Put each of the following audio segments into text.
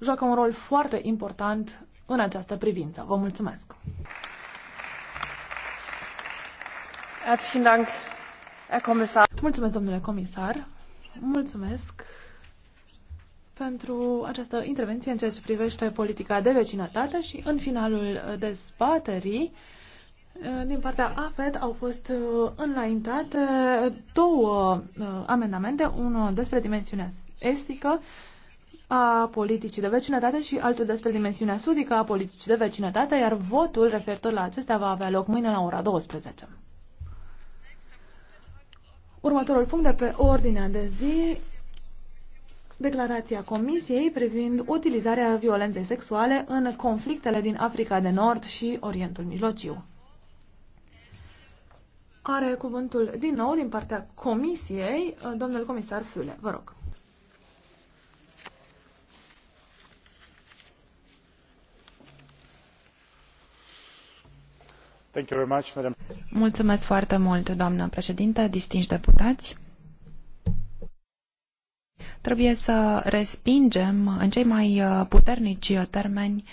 joacă un rol foarte important în această privință. Vă mulțumesc! Mulțumesc, domnule comisar! Mulțumesc pentru această intervenție în ceea ce privește politica de vecinătate și în finalul dezbaterii eh, din partea AFED au fost eh, înaintate două eh, amendamente, unul despre dimensiunea estică a politicii de vecinătate și altul despre dimensiunea sudică a politicii de vecinătate, iar votul referitor la acestea va avea loc mâine la ora 12. Următorul punct de pe ordinea de zi, declarația Comisiei privind utilizarea violenței sexuale în conflictele din Africa de Nord și Orientul Mijlociu. Are cuvântul din nou din partea Comisiei, domnul comisar Füle. Vă rog. Mulțumesc foarte mult, doamnă președinte, distinși deputați. Trebuie să respingem în cei mai uh, puternici uh, termeni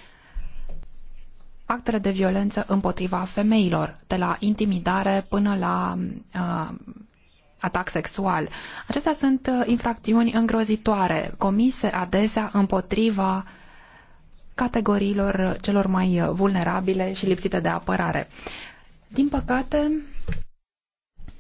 actele de violență împotriva femeilor, de la intimidare până la uh, atac sexual. Acestea sunt uh, infracțiuni îngrozitoare, comise adesea împotriva categoriilor celor mai vulnerabile și lipsite de apărare. Din păcate,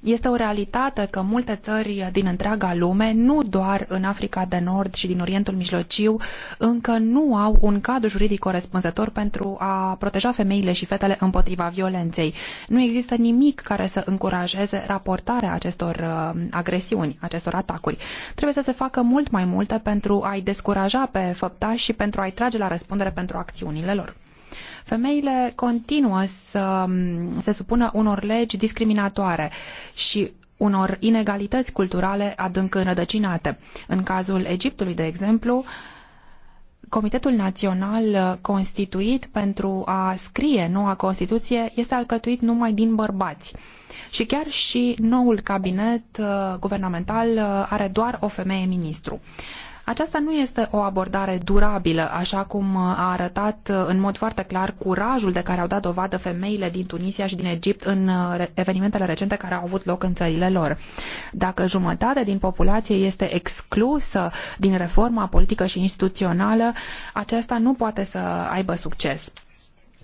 este o realitate că multe țări din întreaga lume, nu doar în Africa de Nord și din Orientul Mijlociu, încă nu au un cadru juridic corespunzător pentru a proteja femeile și fetele împotriva violenței. Nu există nimic care să încurajeze raportarea acestor uh, agresiuni, acestor atacuri. Trebuie să se facă mult mai multe pentru a-i descuraja pe făptași și pentru a-i trage la răspundere pentru acțiunile lor. Femeile continuă să mm, se supună unor legi discriminatoare și unor inegalități culturale adânc înrădăcinate. În cazul Egiptului, de exemplu, Comitetul Național constituit pentru a scrie noua Constituție este alcătuit numai din bărbați. Și chiar și noul cabinet uh, guvernamental uh, are doar o femeie ministru. Aceasta nu este o abordare durabilă, așa cum a arătat în mod foarte clar curajul de care au dat dovadă femeile din Tunisia și din Egipt în evenimentele recente care au avut loc în țările lor. Dacă jumătate din populație este exclusă din reforma politică și instituțională, aceasta nu poate să aibă succes.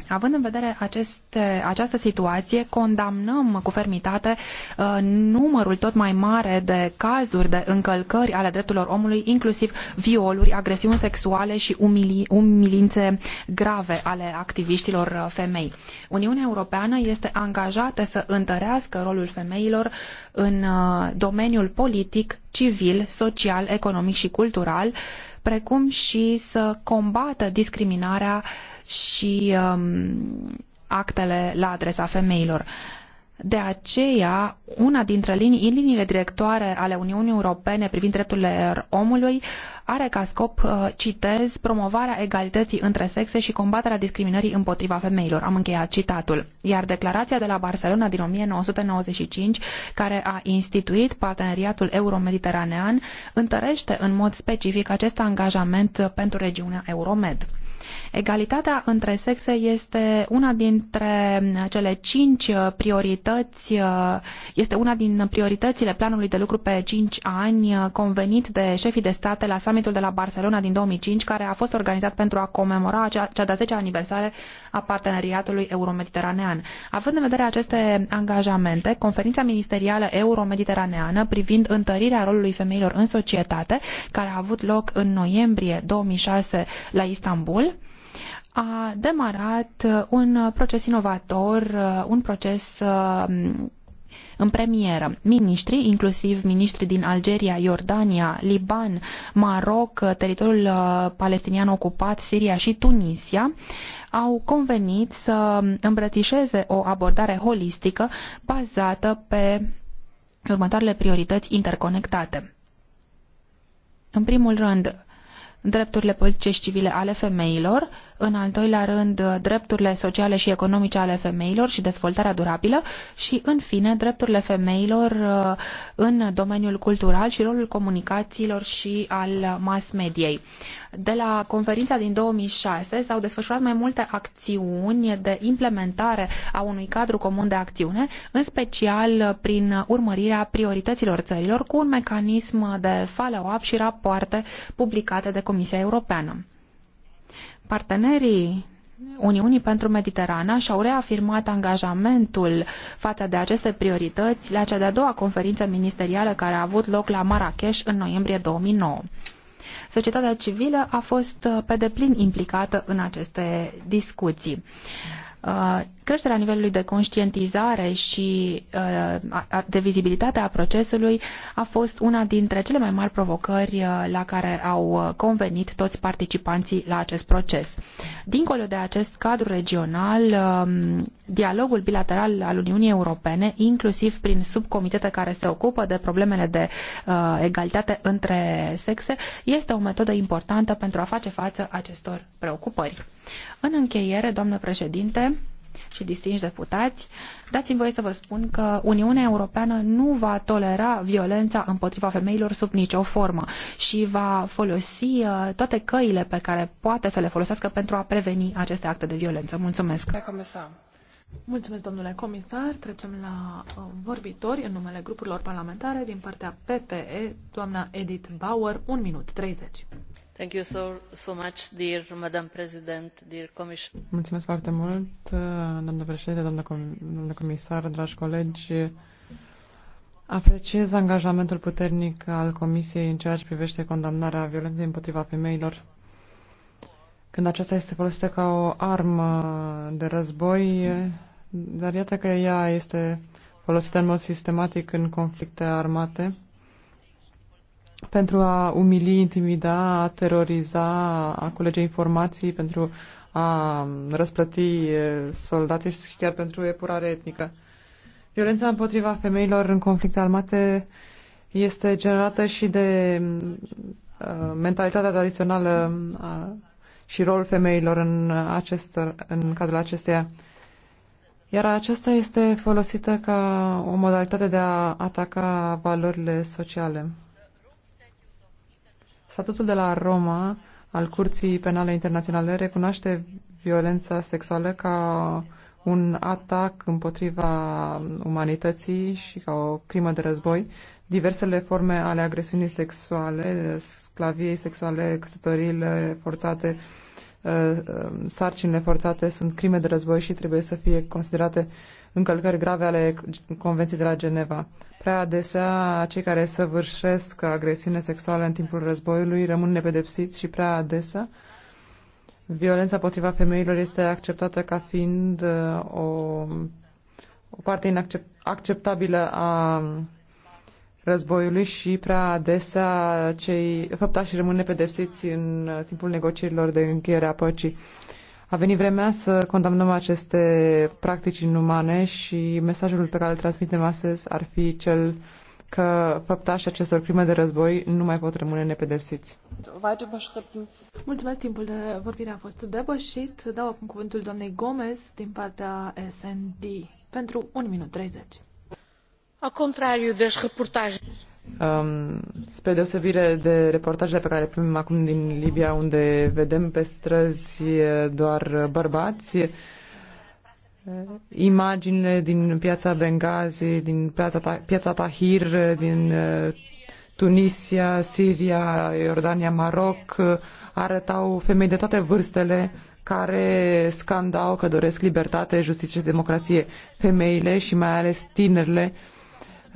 Având în vedere aceste, această situație, condamnăm cu fermitate uh, numărul tot mai mare de cazuri de încălcări ale drepturilor omului, inclusiv violuri, agresiuni sexuale și umili, umilințe grave ale activiștilor uh, femei. Uniunea Europeană este angajată să întărească rolul femeilor în uh, domeniul politic, civil, social, economic și cultural, precum și să combată discriminarea și um, actele la adresa femeilor. De aceea, una dintre linii, liniile directoare ale Uniunii Europene privind drepturile omului are ca scop, uh, citez, promovarea egalității între sexe și combaterea discriminării împotriva femeilor. Am încheiat citatul. Iar declarația de la Barcelona din 1995, care a instituit parteneriatul euromediteranean, întărește în mod specific acest angajament uh, pentru regiunea Euromed. Egalitatea între sexe este una dintre cele cinci priorități, este una din prioritățile planului de lucru pe cinci ani convenit de șefii de state la summitul de la Barcelona din 2005, care a fost organizat pentru a comemora cea de-a 10-a aniversare a parteneriatului euromediteranean. Având în vedere aceste angajamente, conferința ministerială euromediteraneană privind întărirea rolului femeilor în societate, care a avut loc în noiembrie 2006 la Istanbul, a demarat uh, un proces inovator, uh, un proces um, în premieră. Ministrii, inclusiv ministrii din Algeria, Iordania, Liban, Maroc, uh, teritoriul palestinian ocupat, Siria și Tunisia, au convenit să îmbrățișeze o abordare holistică bazată pe următoarele priorități interconectate. În primul rând, drepturile politice și civile ale femeilor, în al doilea rând drepturile sociale și economice ale femeilor și dezvoltarea durabilă și, în fine, drepturile femeilor uh, în domeniul cultural și rolul comunicațiilor și al mass mediei. De la conferința din 2006 s-au desfășurat mai multe acțiuni de implementare a unui cadru comun de acțiune, în special prin urmărirea priorităților țărilor cu un mecanism de follow-up și rapoarte publicate de Comisia Europeană. Partenerii Uniunii pentru Mediterana și-au reafirmat angajamentul față de aceste priorități la cea de-a doua conferință ministerială care a avut loc la Marrakech în noiembrie 2009. Societatea civilă a fost pe deplin implicată în aceste discuții uh, Creșterea nivelului de conștientizare și uh, de vizibilitate a procesului a fost una dintre cele mai mari provocări uh, la care au uh, convenit toți participanții la acest proces. Dincolo de acest cadru regional, um, dialogul bilateral al Uniunii Europene, inclusiv prin subcomitete care se ocupă de problemele de egalitate între sexe, este o metodă importantă pentru a face față acestor preocupări. În încheiere, doamnă președinte, și distinși deputați, dați-mi voie să vă spun că Uniunea Europeană nu va tolera violența împotriva femeilor sub nicio formă și va folosi uh, toate căile pe care poate să le folosească pentru a preveni aceste acte de violență. Mulțumesc! Mulțumesc, domnule comisar. Trecem la uh, vorbitori în numele grupurilor parlamentare din partea PPE, doamna Edith Bauer, 1 minut 30. Thank you so, so much, dear Madam President, dear Commission. Mulțumesc foarte mult, domnule președinte, domnule com comisar, dragi colegi. Apreciez angajamentul puternic al Comisiei în ceea ce privește condamnarea violenței împotriva femeilor când aceasta este folosită ca o armă de război, dar iată că ea este folosită în mod sistematic în conflicte armate pentru a umili, intimida, a teroriza, a culege informații, pentru a răsplăti eh, soldații și chiar pentru epurare etnică. Violența împotriva femeilor în conflicte armate este generată și de mm, eh, mentalitatea tradițională a și rolul femeilor în, acest, în cadrul acesteia. Iar aceasta este folosită ca o modalitate de a ataca valorile sociale. Statutul de la Roma al Curții Penale Internaționale recunoaște violența sexuală ca un atac împotriva umanității și ca o crimă de război, diversele forme ale agresiunii sexuale, sclaviei sexuale, căsătoriile forțate, uh, uh, sarcinile forțate sunt crime de război și trebuie să fie considerate încălcări grave ale Convenției de la Geneva. Prea adesea, cei care săvârșesc agresiune sexuală în timpul războiului rămân nepedepsiți și prea adesea violența împotriva femeilor este acceptată ca fiind uh, o, o parte inacceptabilă a războiului și prea adesea cei făptași rămân nepedepsiți în uh, timpul negocierilor de încheiere a păcii. A venit vremea să condamnăm aceste practici inumane și mesajul pe care îl transmitem astăzi ar fi cel că făptașii acestor crime de război nu mai pot rămâne nepedepsiți. Mulțumesc, timpul de vorbire a fost depășit. Dau acum cuvântul doamnei Gomez din partea SND pentru 1 minut 30. A contrariu de deci, reportaje. Um, spre deosebire de reportajele pe care le primim acum din Libia, unde vedem pe străzi doar bărbați, imaginile din piața Benghazi, din piața, piața Tahir, din uh, Tunisia, Siria, Iordania, Maroc, uh, arătau femei de toate vârstele care scandau că doresc libertate, justiție și democrație. Femeile și mai ales tinerile uh,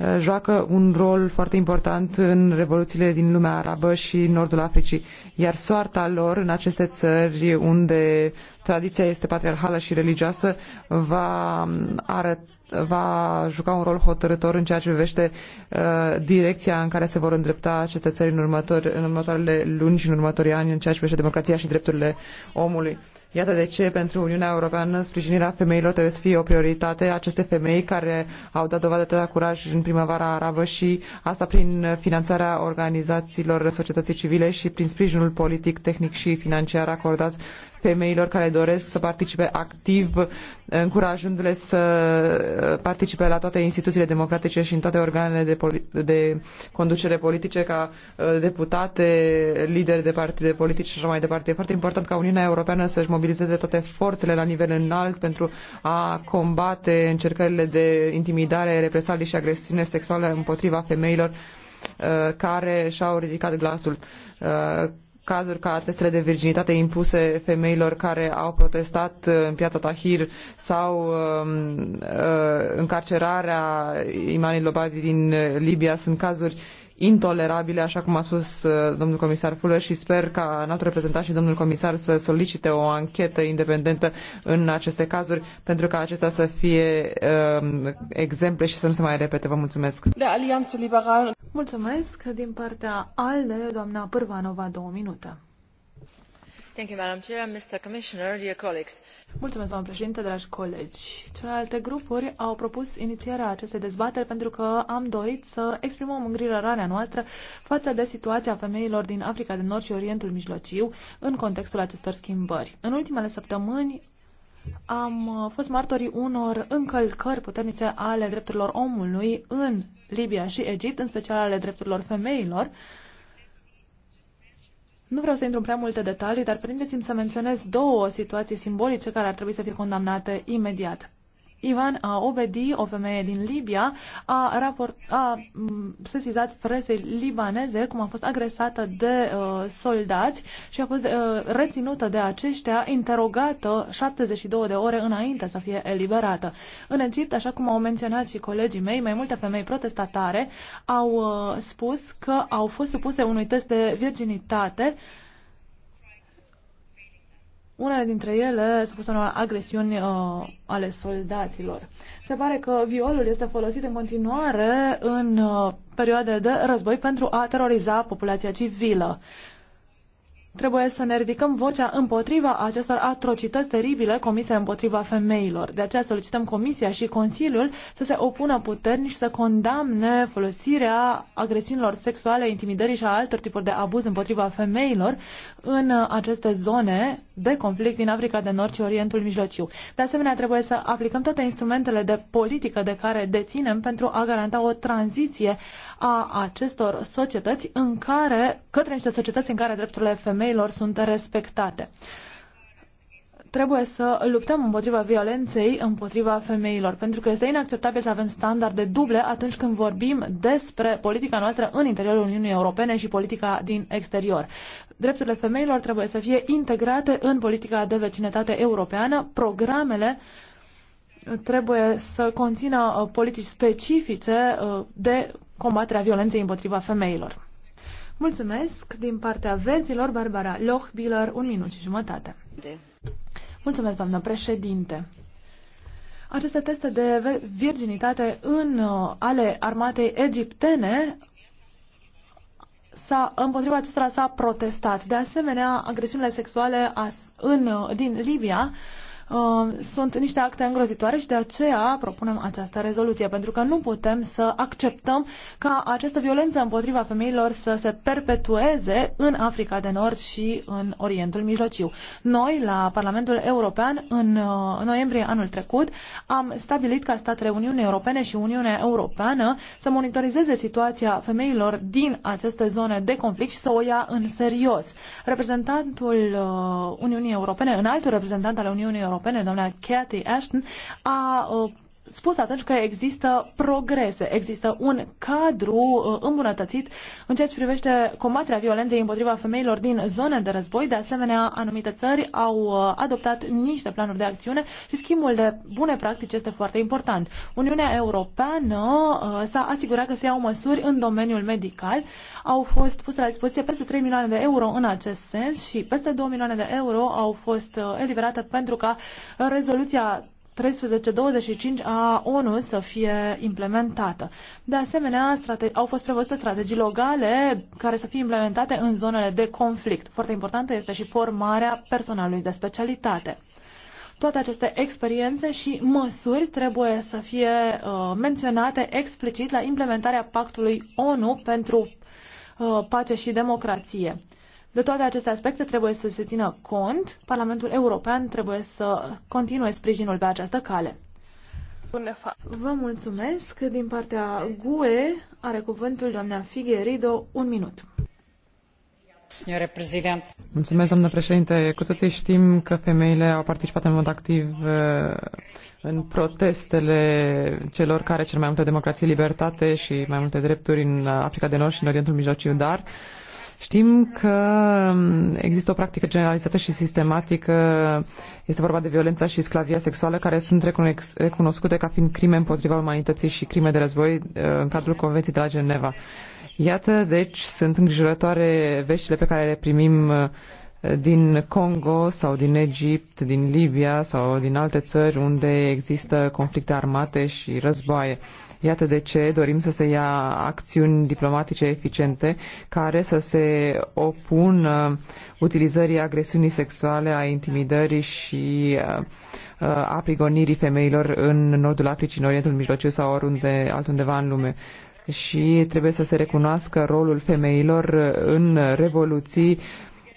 Eh, joacă un rol foarte important în revoluțiile din lumea arabă și nordul Africii, iar soarta lor în aceste țări unde tradiția este patriarhală și religioasă va arăta va juca un rol hotărător în ceea ce privește uh, direcția în care se vor îndrepta aceste țări în, următor, în următoarele luni și în următorii ani în ceea ce privește democrația și drepturile omului. Iată de ce pentru Uniunea Europeană sprijinirea femeilor trebuie să fie o prioritate. Aceste femei care au dat dovadă de curaj în primăvara arabă și asta prin finanțarea organizațiilor societății civile și prin sprijinul politic, tehnic și financiar acordat femeilor care doresc să participe activ, încurajându-le să participe la toate instituțiile democratice și în toate organele de, poli- de conducere politice, ca ă, deputate, lideri de partide politice și așa mai departe. E foarte important ca Uniunea Europeană să-și mobilizeze toate forțele la nivel înalt pentru a combate încercările de intimidare, represalii și agresiune sexuală împotriva femeilor ă, care și-au ridicat glasul ă, cazuri ca testele de virginitate impuse femeilor care au protestat uh, în piața Tahir sau um, uh, încarcerarea imanilor Lobadi din uh, Libia sunt cazuri intolerabile, așa cum a spus uh, domnul comisar Fulă și sper ca înalt reprezentat și domnul comisar să solicite o anchetă independentă în aceste cazuri pentru ca acestea să fie uh, exemple și să nu se mai repete. Vă mulțumesc! De Alianță Liberal. Mulțumesc din partea ALDE, doamna Pârvanova, două minute președinte dragi colegi celelalte grupuri au propus inițierea acestei dezbateri pentru că am dorit să exprimăm îngrijorarea noastră față de situația femeilor din africa de nord și orientul mijlociu în contextul acestor schimbări. în ultimele săptămâni am fost martorii unor încălcări puternice ale drepturilor omului în libia și egipt în special ale drepturilor femeilor nu vreau să intru în prea multe detalii, dar permiteți-mi să menționez două situații simbolice care ar trebui să fie condamnate imediat. Ivan Obedi, o femeie din Libia, a, raport, a sesizat presei libaneze cum a fost agresată de uh, soldați și a fost uh, reținută de aceștia, interogată 72 de ore înainte să fie eliberată. În Egipt, așa cum au menționat și colegii mei, mai multe femei protestatare au uh, spus că au fost supuse unui test de virginitate uh, unele dintre ele supuse unor agresiuni uh, ale soldaților. Se pare că violul este folosit în continuare în uh, perioade de război pentru a teroriza populația civilă. Uh, Trebuie să ne ridicăm vocea împotriva acestor atrocități teribile comise împotriva femeilor. De aceea solicităm Comisia și Consiliul să se opună puternic și să condamne folosirea agresiunilor sexuale, intimidării și a altor tipuri de abuz împotriva femeilor în aceste zone de conflict din Africa de Nord și Orientul Mijlociu. De asemenea, trebuie să aplicăm toate instrumentele de politică de care deținem pentru a garanta o tranziție a acestor societăți în care, către niște societăți în care drepturile femeilor sunt respectate trebuie să luptăm împotriva violenței împotriva femeilor, pentru că este inacceptabil să avem standarde duble atunci când vorbim despre politica noastră în interiorul Uniunii Europene și politica din exterior. Drepturile femeilor trebuie să fie integrate în politica de vecinătate europeană, programele uh, trebuie să conțină uh, politici specifice uh, de combaterea violenței împotriva femeilor. Mulțumesc din partea verzilor, Barbara Lochbiller, un minut și jumătate. De. Mulțumesc, doamnă președinte. Aceste teste de virginitate în uh, ale armatei egiptene s-a, împotriva acestora s-a protestat. De asemenea, agresiunile sexuale as, în, din Libia Uh, sunt niște acte îngrozitoare și de aceea propunem această rezoluție, pentru că nu putem să acceptăm ca această violență împotriva femeilor să se perpetueze în Africa de Nord și în Orientul Mijlociu. Noi, la Parlamentul European, în uh, noiembrie anul trecut, am stabilit ca statele Uniunii Europene și Uniunea Europeană să monitorizeze situația femeilor din aceste zone de conflict și să o ia în serios. Reprezentantul uh, Uniunii Europene, înaltul reprezentant al Uniunii Europene, Europene, doamna Cathy Ashton, a uh, spus atunci că există progrese, există un cadru uh, îmbunătățit în ceea ce privește combaterea violenței împotriva femeilor din zone de război. De asemenea, anumite țări au uh, adoptat niște planuri de acțiune și schimbul de bune practici este foarte important. Uniunea Europeană uh, s-a asigurat că se iau măsuri în domeniul medical. Au fost puse la dispoziție peste 3 milioane de euro în acest sens și peste 2 milioane de euro au fost eliberate pentru ca rezoluția 1325 a ONU să fie implementată. De asemenea, au fost prevăzute strategii locale care să fie implementate în zonele de conflict. Foarte importantă este și formarea personalului de specialitate. Toate aceste experiențe și măsuri trebuie să fie uh, menționate explicit la implementarea pactului ONU pentru uh, pace și democrație. De toate aceste aspecte trebuie să se țină cont. Parlamentul European trebuie să continue sprijinul pe această cale. Vă mulțumesc. Din partea GUE are cuvântul doamna Figueredo Un minut. Mulțumesc, doamnă președinte. Cu toții știm că femeile au participat în mod activ eh, în protestele celor care cer mai multe democrație, libertate și mai multe drepturi în Africa de Nord și în Orientul Mijlociu, dar uh, Știm că um, există o practică generalizată și sistematică, este vorba de violența și sclavia sexuală, care sunt recunoscute ca fiind crime împotriva umanității și crime de război uh, în cadrul Convenției de la Geneva. Iată, deci, sunt îngrijorătoare veștile pe care le primim uh, din Congo sau din Egipt, din Libia sau din alte țări unde există conflicte armate și războaie. Iată de ce dorim să se ia acțiuni diplomatice eficiente care să se opună utilizării agresiunii sexuale, a intimidării și uh, a prigonirii femeilor în nordul Africii, în Orientul Mijlociu sau oriunde altundeva în lume și trebuie să se recunoască rolul femeilor în revoluții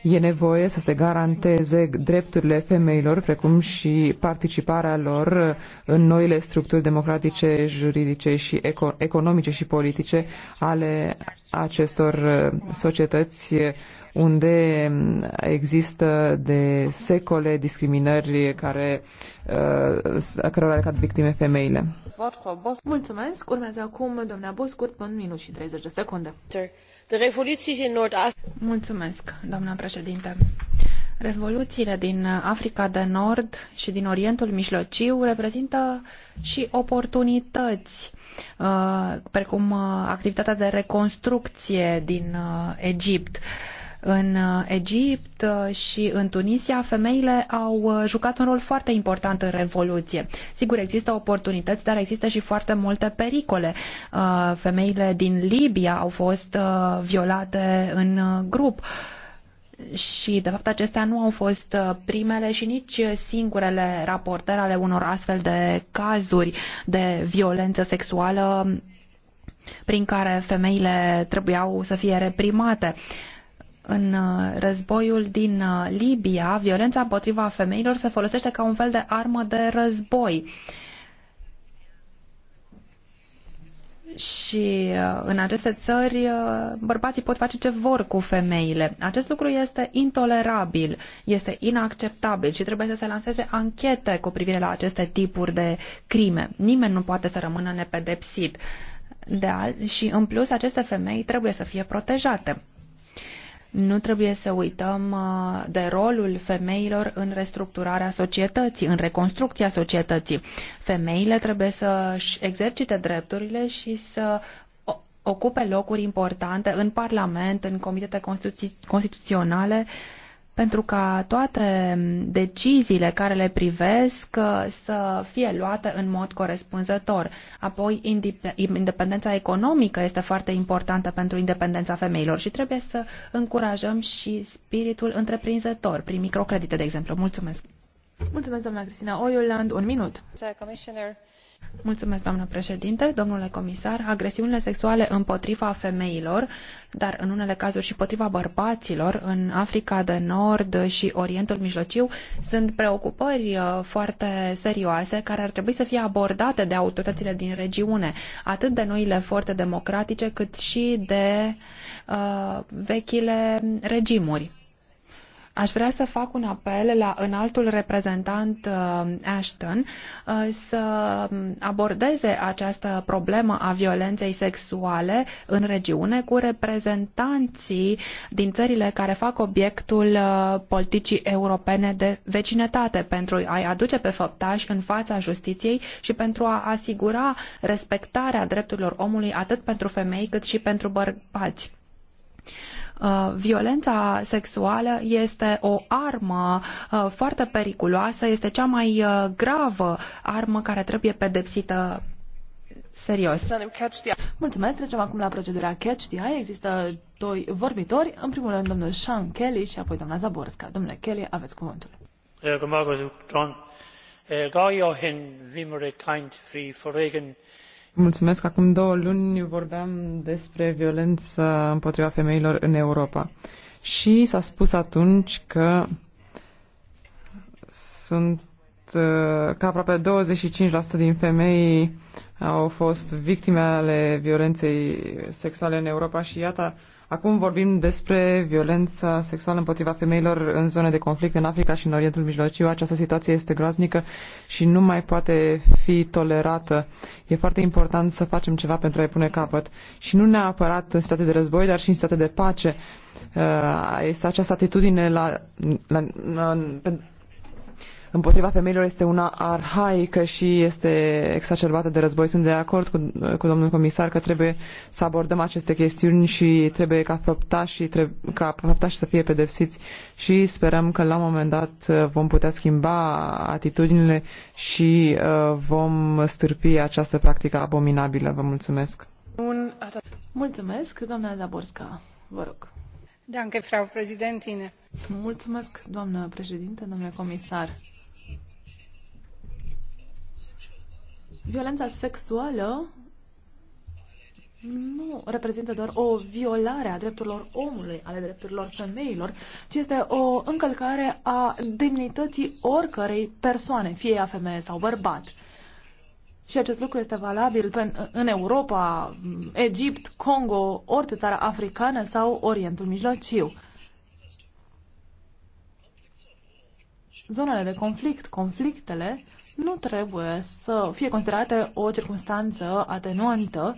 E nevoie să se garanteze drepturile femeilor, precum și participarea lor în noile structuri democratice, juridice și eco- economice și politice ale acestor uh, societăți unde um, există de secole discriminări care, uh, cărora le cad victime femeile. Mulțumesc. Urmează acum doamna Boscurt, până minut și 30 de secunde. De revoluții în nord Mulțumesc, doamna președinte. Revoluțiile din Africa de Nord și din Orientul Mijlociu reprezintă și oportunități, uh, precum uh, activitatea de reconstrucție din uh, Egipt. În uh, Egipt uh, și în Tunisia, femeile au uh, jucat un rol foarte important în Revoluție. Sigur, există oportunități, dar există și foarte multe pericole. Femeile din Libia au fost violate în grup și, de fapt, acestea nu au fost primele și nici singurele raportări ale unor astfel de cazuri de violență sexuală prin care femeile trebuiau să fie reprimate în uh, războiul din uh, Libia, violența împotriva femeilor se folosește ca un fel de armă de război. Și uh, în aceste țări bărbații pot face ce vor cu femeile. Acest lucru este intolerabil, este inacceptabil și trebuie să se lanseze anchete cu privire la aceste tipuri de crime. Nimeni nu poate să rămână nepedepsit. De al- și în plus aceste femei trebuie să fie protejate. Nu trebuie să uităm uh, de rolul femeilor în restructurarea societății, în reconstrucția societății. Femeile trebuie să își exercite drepturile și să ocupe locuri importante în Parlament, în comitete constituționale pentru ca toate deciziile care le privesc uh, să fie luate în mod corespunzător. Apoi, independența economică este foarte importantă pentru independența femeilor și trebuie să încurajăm și spiritul întreprinzător prin microcredite, de exemplu. Mulțumesc! Mulțumesc, doamna Cristina Oiuland. Un minut. Commissioner. Mulțumesc, doamnă președinte, domnule comisar. Agresiunile sexuale împotriva femeilor, dar în unele cazuri și împotriva bărbaților, în Africa de Nord și Orientul Mijlociu, sunt preocupări uh, foarte serioase care ar trebui să fie abordate de autoritățile din regiune, atât de noile forțe democratice, cât și de uh, vechile regimuri Aș vrea să fac un apel la înaltul reprezentant uh, Ashton uh, să abordeze această problemă a violenței sexuale în regiune cu reprezentanții din țările care fac obiectul uh, politicii europene de vecinătate pentru a-i aduce pe făptași în fața justiției și pentru a asigura respectarea drepturilor omului atât pentru femei cât și pentru bărbați. Uh, violența sexuală este o armă uh, foarte periculoasă, este cea mai uh, gravă armă care trebuie pedepsită serios. Mulțumesc, trecem acum la procedura Catch the Eye. Există doi vorbitori, în primul rând domnul Sean Kelly și apoi doamna Zaborska. Domnule Kelly, aveți cuvântul. Eh, eh, gai Mulțumesc. Acum două luni vorbeam despre violență împotriva femeilor în Europa. Și s-a spus atunci că sunt uh, că aproape 25% din femei au fost victime ale violenței sexuale în Europa și iată Acum vorbim despre violența sexuală împotriva femeilor în zone de conflict în Africa și în Orientul Mijlociu. Această situație este groaznică și nu mai poate fi tolerată. E foarte important să facem ceva pentru a-i pune capăt. Și nu neapărat în state de război, dar și în state de pace. Uh, este această atitudine la, la, la, împotriva femeilor este una arhaică și este exacerbată de război. Sunt de acord cu, cu domnul comisar că trebuie să abordăm aceste chestiuni și trebuie ca făptașii, trebuie, ca făptașii să fie pedepsiți și sperăm că la un moment dat uh, vom putea schimba atitudinile și uh, vom stârpi această practică abominabilă. Vă mulțumesc! Mulțumesc, doamna Zaborska. Vă rog. Danke, Frau Präsidentin. Mulțumesc, doamnă președinte, domnule comisar. Violența sexuală nu reprezintă doar o violare a drepturilor omului, ale drepturilor femeilor, ci este o încălcare a demnității oricărei persoane, fie ea femeie sau bărbat. Și acest lucru este valabil în Europa, Egipt, Congo, orice țară africană sau Orientul Mijlociu. Zonele de conflict, conflictele, nu trebuie să fie considerate o circunstanță atenuantă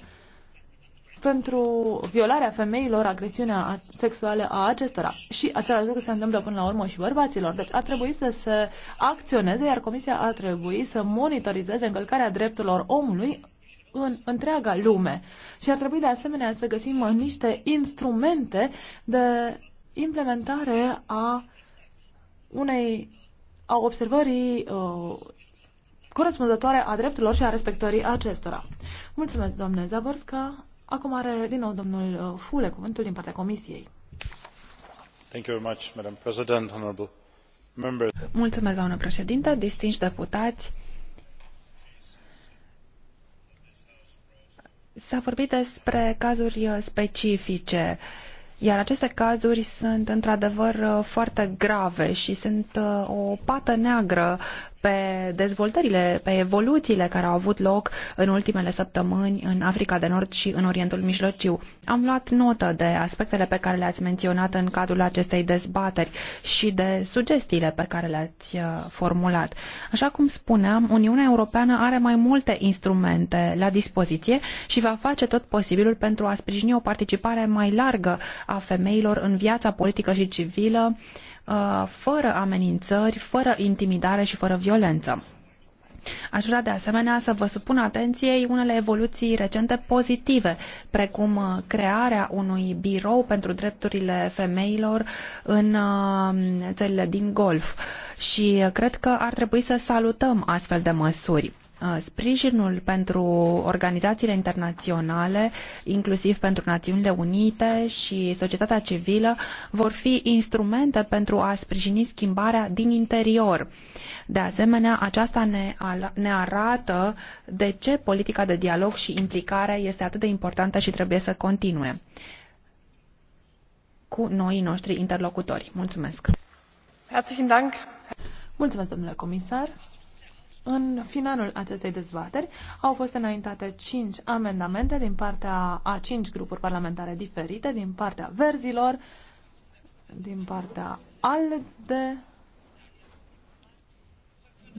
pentru violarea femeilor, agresiunea sexuală a acestora. Și același lucru se întâmplă până la urmă și bărbaților. Deci ar trebui să se acționeze, iar Comisia ar trebui să monitorizeze încălcarea drepturilor omului în întreaga lume. Și ar trebui de asemenea să găsim niște instrumente de implementare a unei a observării uh, corespunzătoare a drepturilor și a respectării acestora. Mulțumesc, domnule Zaborska. Acum are din nou domnul uh, Fule cuvântul din partea Comisiei. Thank you very much, Madam President, honorable members. Mulțumesc, doamnă președinte, distinși deputați. S-a vorbit despre cazuri uh, specifice, iar aceste cazuri sunt într-adevăr uh, foarte grave și sunt o pată neagră pe dezvoltările, pe evoluțiile care au avut loc în ultimele săptămâni în Africa de Nord și în Orientul Mijlociu. Am luat notă de aspectele pe care le-ați menționat în cadrul acestei dezbateri și de sugestiile pe care le-ați uh, formulat. Așa cum spuneam, Uniunea Europeană are mai multe instrumente la dispoziție și va face tot posibilul pentru a sprijini o participare mai largă a femeilor în viața politică și civilă, Uh, fără amenințări, fără intimidare și fără violență. Aș vrea de asemenea să vă supun atenției unele evoluții recente pozitive, precum uh, crearea unui birou pentru drepturile femeilor în uh, țările din Golf. Și cred că ar trebui să salutăm astfel de măsuri. Uh, sprijinul pentru organizațiile internaționale, inclusiv pentru Națiunile Unite și societatea civilă, vor fi instrumente pentru a sprijini schimbarea din interior. De asemenea, aceasta ne, ne arată de ce politica de dialog și implicare este atât de importantă și trebuie să continue cu noii noștri interlocutori. Mulțumesc! Mulțumesc, domnule comisar! În finalul acestei dezbateri au fost înaintate cinci amendamente din partea a cinci grupuri parlamentare diferite, din partea verzilor, din partea ALDE,